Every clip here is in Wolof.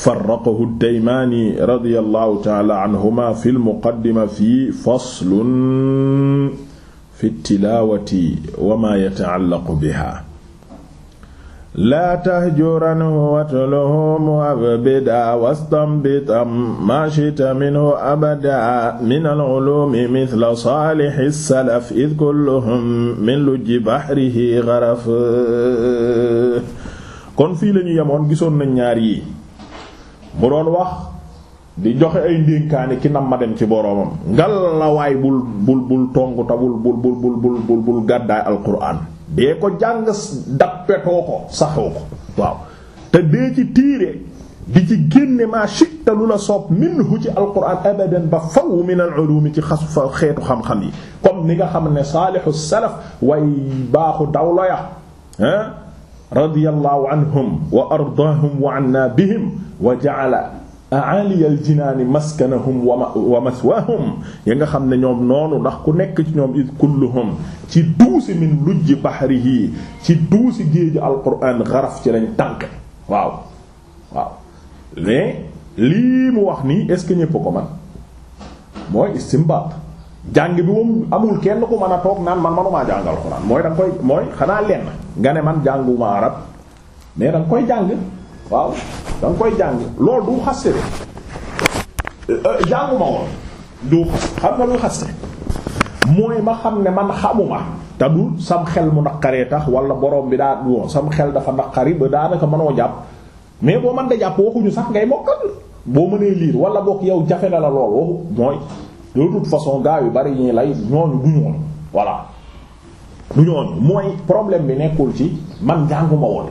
farraqahu Daymaani radiyallahu ta'ala anhuma fil muqaddima fi faslun fi tilaawati wa ma yata'allaqu biha laa tahjuranhu watluhum abida wastambitam mashita minhu abada min al-ulumi mithla saalixi salaf id kulluhum min lujji bahrihi gharaf kon fii lañu yemoon gisoon nañ ñaar yi mu doon wax di joxe ay ndénkaane ki nam ma dem ci boroomam ngal la waay bul bul bul tongu ta bul bul bul bul gàddaay alquran dee ko jàng dappetoo ko saxoo ko waaw te dee ci tiire di ci génne maa shitta lu la soob minhu ci alquran abadan ba faw min al ulum ci xas fa xeetu xam-xam yi comme ni nga xam ne saalihu salaf way baaxu dawla ya radiyallahu anhum wa ardaahum wa anna bihim wa ja'ala aaliyal jinaani maskanahum wa maswaahum ya nga xam ne ñoom noonu ndax ku nekk ci ñoom it kulluhum ci duusi min lujji bahrihi ci duusi géeju alquran xaraf ci lañ tànk waaw waaw mais lii mu wax nii est ce que ñépp ko man mooy istimbaat jàng bi moom amul kenn ku mën a toog naan man manumaa jàng alxuraan mooy da koy mooy xanaa lenn nga ne man jànguma arab mais da koy jàng waaw da koy jàng lool du xaste de euh, euh, jànguma woon du xam nga lu ma xam ne man xamuma te du sam xel mu naqaree tax wala borom bi daa woon sam xel dafa naqari ba daanaka mënoo jàpp mais boo man de jàpp waxuñu sax ngay mokkal boo mënee liir wala boog yow jafe la la lool waxu mooy de toute façon gaa yu bari ñi lay ñooñu du ñooñu voilà du ñooñu mooy problème bi nekkul ci man jànguma woon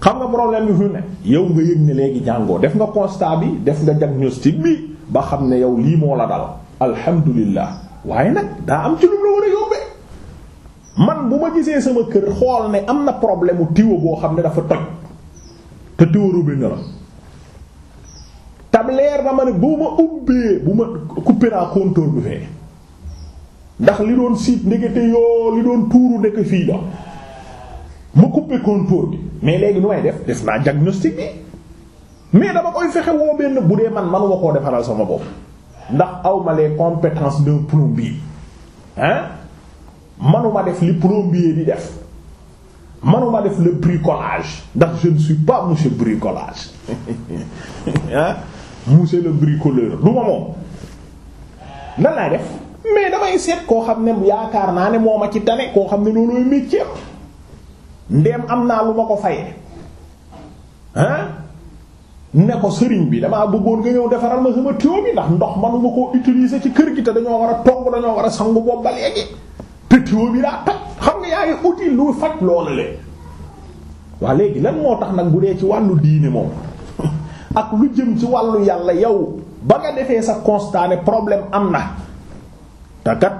xam nga problème bi fu ne yow nga yëg ne léegi jàngoo def nga constat bi def nga diagnostic bi ba xam ne yow lii moo la dal alhamdulillah waaye nag daa am ci lu la war a yóbbee man bu ma gisee sama kër xool ne am na problème mu tiwo boo xam ne dafa toj te tiwo robinet la ndax leer na ma ne bu ma ubbee bu ma coupé naa contour bi fee ndax li doon siit ndekete yoo li doon tuuru ndeke fii la ma coupé contour bi mais léegi nu may def def naa diagnostic bi mais dama koy fexe woo benn bu dee man manuma koo defaral sama bopp ndax awma les compétences d'un plombier hein manuma def li plombier di def manuma def le bricolage ndax je ne suis pas monsieur bricolage hein monsieur le bricoleur du ma moom nan laay def mais damay seet koo xam ne yaakaar naa ne moo ma ci tane koo xam ne loolooy métier ndeem am naa lu ma ko fayee ah ne ko sëriñ bi damaa bëggoon nga ñëw defaral ma sama tuyau ndax ndox ma manuma ko utiliser ci kër gi te dañoo war a togg dañoo war a sangu boobu ba léegi te tuyau daa toj xam nga yaa ngi outil lu faj loolu le waa léegi lan moo tax nag bu dee ci wàllu diine moom ak lu jëm ci wàllu yàlla yow ba nga defee sa constat ne problème am na te kat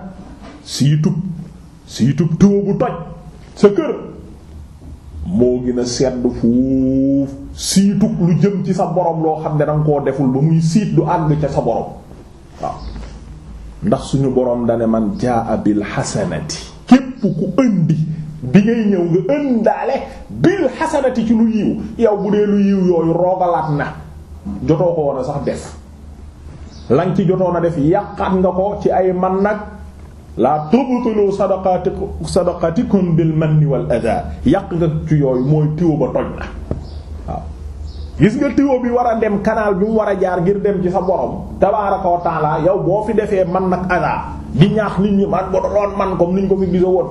sii tub bu toj sa kër moo gën na sedd fuuf siituk lu jëm ci sa borom loo xam ne danga koo deful ba muy siit du àgg ca sa borom ndax suñu borom dane man jaa bil xasanati képp ku indi bi ngay ñëw nga indaale bil xasanati ci lu yiw yow bu dee lu yiw yooyu rogalaat na jotoo ko woon a sax def lañ ci jotoon a def yàqaat nga ko ci ay man nag la tubtilu sadaqatikum sadaqatikum bil manni wal adha yàq nga ci yooyu mooy tiwo ba toj na gis nga tiwo bi war a dem kanaal bi mu war a jaar ngir dem ci sa borom tabaaraka wa yow boo fi defee man nag adha di ñaax nit ñi man ba doon man comme niñ ko fi gisa woon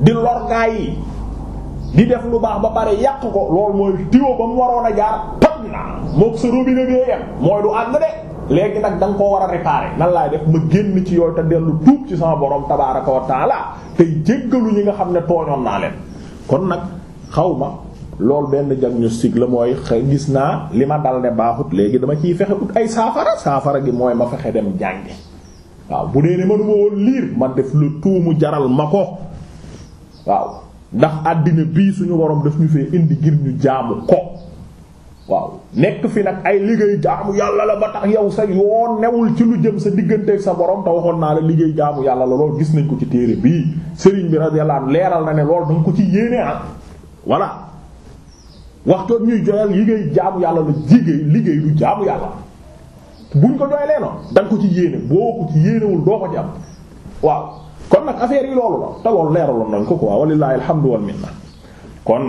di lor gaa yi di def lu baax ba pare yàq ko loolu mooy tiwo ba mu waroon a jaar mook sa robinet bee yem mooy du àgg de léegi nag da nga koo war a réparer nan laay def ma génn ci yooyu te dellu tuub ci sama borom tabaaraka wa taala tey jéggalu ñi nga xam ne tooñoon naa leen kon nag xaw ma loolu benn diagnostic la mooy gis naa li ma dal ne baaxut léegi dama ciy fexe ut ay saafara saafara gi mooy ma fexe dem jàngi waaw bu dee ne manuma woon liir ma def lu tuumu jaral ma ko waaw ndax àddina bii suñu borom daf ñu fee indi ngir ñu jaamu ko waaw nekk fi nag ay liggéey jaamu yàlla la ba tax yow sa yoon newul ci lu jëm sa digganteeg sa borom te waxoon naa la liggéey jaamu yàlla la lool gis nañ ko ci téere bii sëriñ bi radiyallahu leeral na ne lool da ko ci yéene ah voilà waxtoon ñuy joyal yàlla la liggéey liggéey du jaamu yàlla ko doyalee noonu ko ci yéene boo ko ci ko ci am waaw kon nag affaire yi loolu la te loolu leeraloon nañ ko quoi walillahi alhamdu wal minna kon.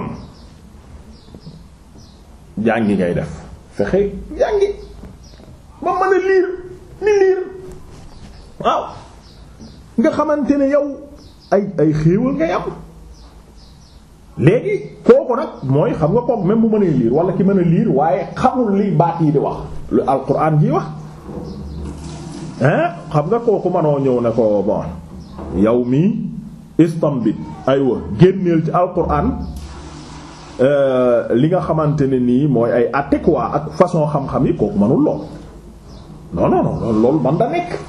jàngi ngay def fexe jàngi ba mën a liir ni liir waaw nga xamante ne yow ay ay xéewal ngay am léegi kooku nag mooy xam nga kooku même bu mënee liir wala ki mën a liir waaye xamul li baat yi di wax lu alquran ji wax hein xam nga kooku mënoo ñëw ne ko bon yow mii istambit aywa génneel ci alquran Euh, li nga xamante ne nii mooy ay àtte quoi ak façon xam-xam yi kooku mënul lool non non loolu man da nekk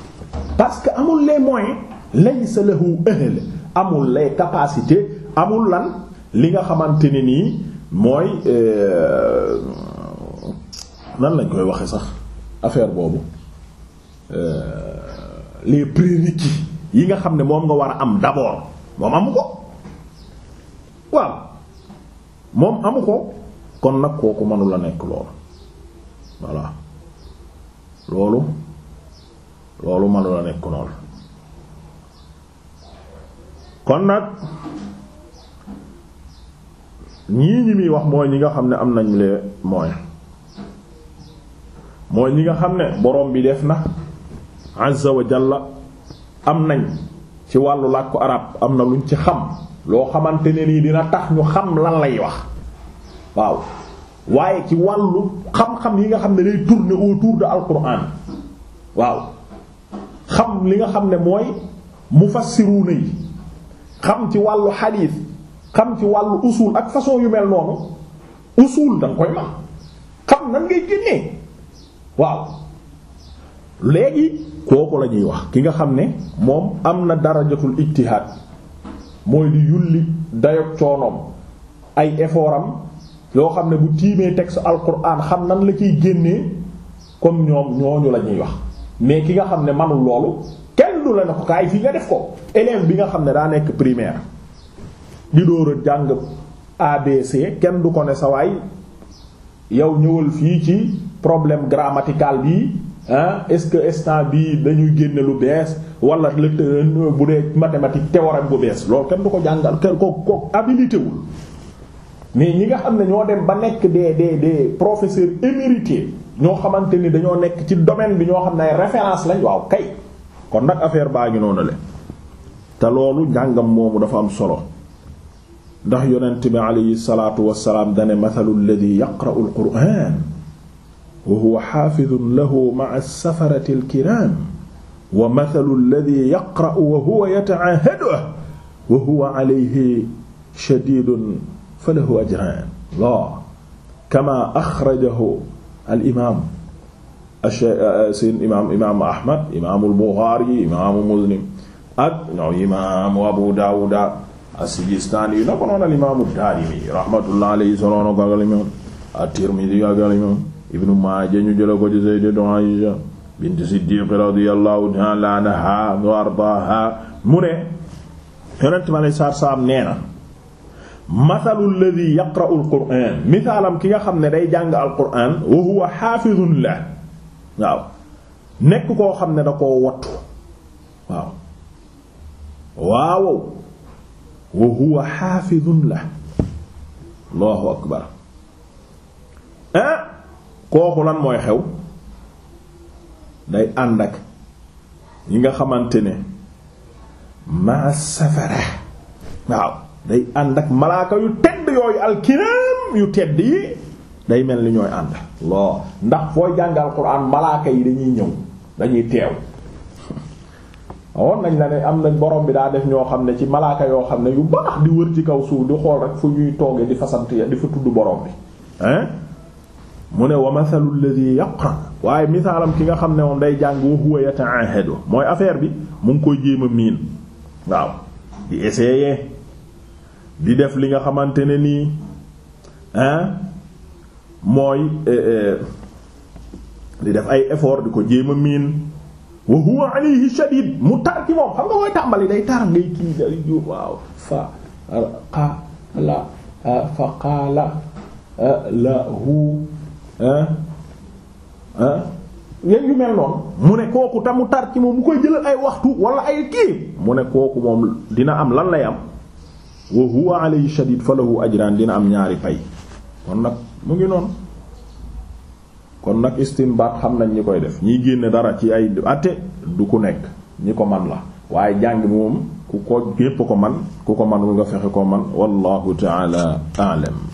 parce que amul les moyens laysa lahu ahl amul les capacité amul lan li nga xamante ne nii mooy euh, nan lañ koy waxe sax affaire boobu euh, les prérequis yi nga xam ne moom nga war a am d'abord moom amu ko waaw moom amu ko kon nag kooku mënula nekk loolu voilà loolu loolu mënula nekk loolu kon nag ñii ñi muy wax mooy ñi nga xam ne am nañ lee mooy mooy ñi nga xam ne borom bi def na azza wa jalla am nañ ci wàllu làkku arab am na luñ ci xam loo xamante ne nii dina tax ñu xam lan lay wax waaw waaye ci wàllu xam-xam yi nga xam ne day tourner autour de alquran waaw xam li nga xam ne mooy mu mufassiruna yi xam ci wàllu xadiis xam ci wàllu usul ak façon yu mel noonu usul da koy man xam nan ngay génnee waaw léegi kooku la ñuy wax ki nga xam ne moom am na darajatul ijtihaad mooy di yulli dayog coonoom ay effort yoo xam ne bu tiimee texte alquran xam nan la ciy génnee comme ñoom ñooñu la ñuy wax mais ki nga xam ne manul loolu kenn du la ne ko kaay fii nga def ko élève bi nga xam ne daa nekk primaire di door a jàng ABC kenn du ko ne sa waay yow ñëwal fii ci problème grammatical bii ah est-ce que instant bi dañuy génne lu bees wala le bu dee mathématique théorème bu bees loolu kenn du ko jàngal kenn ko ko habilité wul mais ñi nga xam ne ñoo dem ba nekk des des des professeurs émérités ñoo xamante ni dañoo nekk ci domaine bi ñoo xam ne ay référence lañ waaw kay kon nag affaire baa ñu noonu le te loolu njàngam moomu dafa am solo ndax yonent bi alayhi salaatu wassalaam dane mathalu alladhi yaqra'u al-qur'an wa huwa xaafidun lahu ma'a safarati alkiraam wa mathalu alladhi yaqra'u wa huwa yata'aahaduhu wa huwa alayhi shadiidun falahu ajraan la kama axrajahu alimaam seen uh, imaam imaamu Ahmad imaamul Buxaari imaamu Muslim ak ñoom imaamu Abu Daawud as-Sijistaani yu na ko noonu al imaamu Daarimi rahmatullahi alayhi soloona ko ak al imaam at-Tirmidi ak al imaam ibnu maaja ñu jëla ko ci sayyidatu aisha bint siddiq radiyallahu ta'ala anha wa ardaaha mu ne yonent ma lay saar saam nee na mathalu alladhi yaqra'u alqur'an misaalam ki nga xam ne day jàng alqur'an wa waaw xam ne da koo waaw wa huwa haafizun la allahu akbar ah kooku lan mooy xew day ànd ak yi nga xamante ne ma safara waaw day ànd ak malaaka yu tedd yooyu alkiraam yu tedd yi day mel ni ñooy ànd loo ndax fooy jàngal quran malaaka yi dañuy ñëw dañuy teew woon nañ la ne am nañ borom bi daa def ñoo xam ne ci malaaka yoo xam ne yu baax di wër ci kaw suuf di xool rek fu ñuy tooge di fasant di fa tudd borom bi hein mu ne wa mathalu alladhi yaqra waaye misaalam ki nga xam ne moom day jàng wa huwa yata'ahadu mooy affaire bi mu ngi koy jéem miin waaw di essayer di def li nga xamante ne nii hein mooy eh, eh, di def ay effort di ko jéem a miin wa huwa alayhi mu tar ci moom xam nga koy tàmbali day tar ngay kii day waaw fa qaala fa qaala lahu yéen yu mel noonu mu ne kooku tamu tar ci moom mu koy jëlal ay waxtu wala ay kii mu ne kooku moom dina am lan lay am wa huwa alayhi shadid falahu ajran dina am ñaari pay kon nag mu ngi noonu kon nag istinbaat xam nañ ñi koy def ñiy génne dara ci ay atte du ku nekk ñi ko man la waaye jàng moom ku ko gépp ko man ku ko manul nga fexe ko man wallahu ta'ala a'lam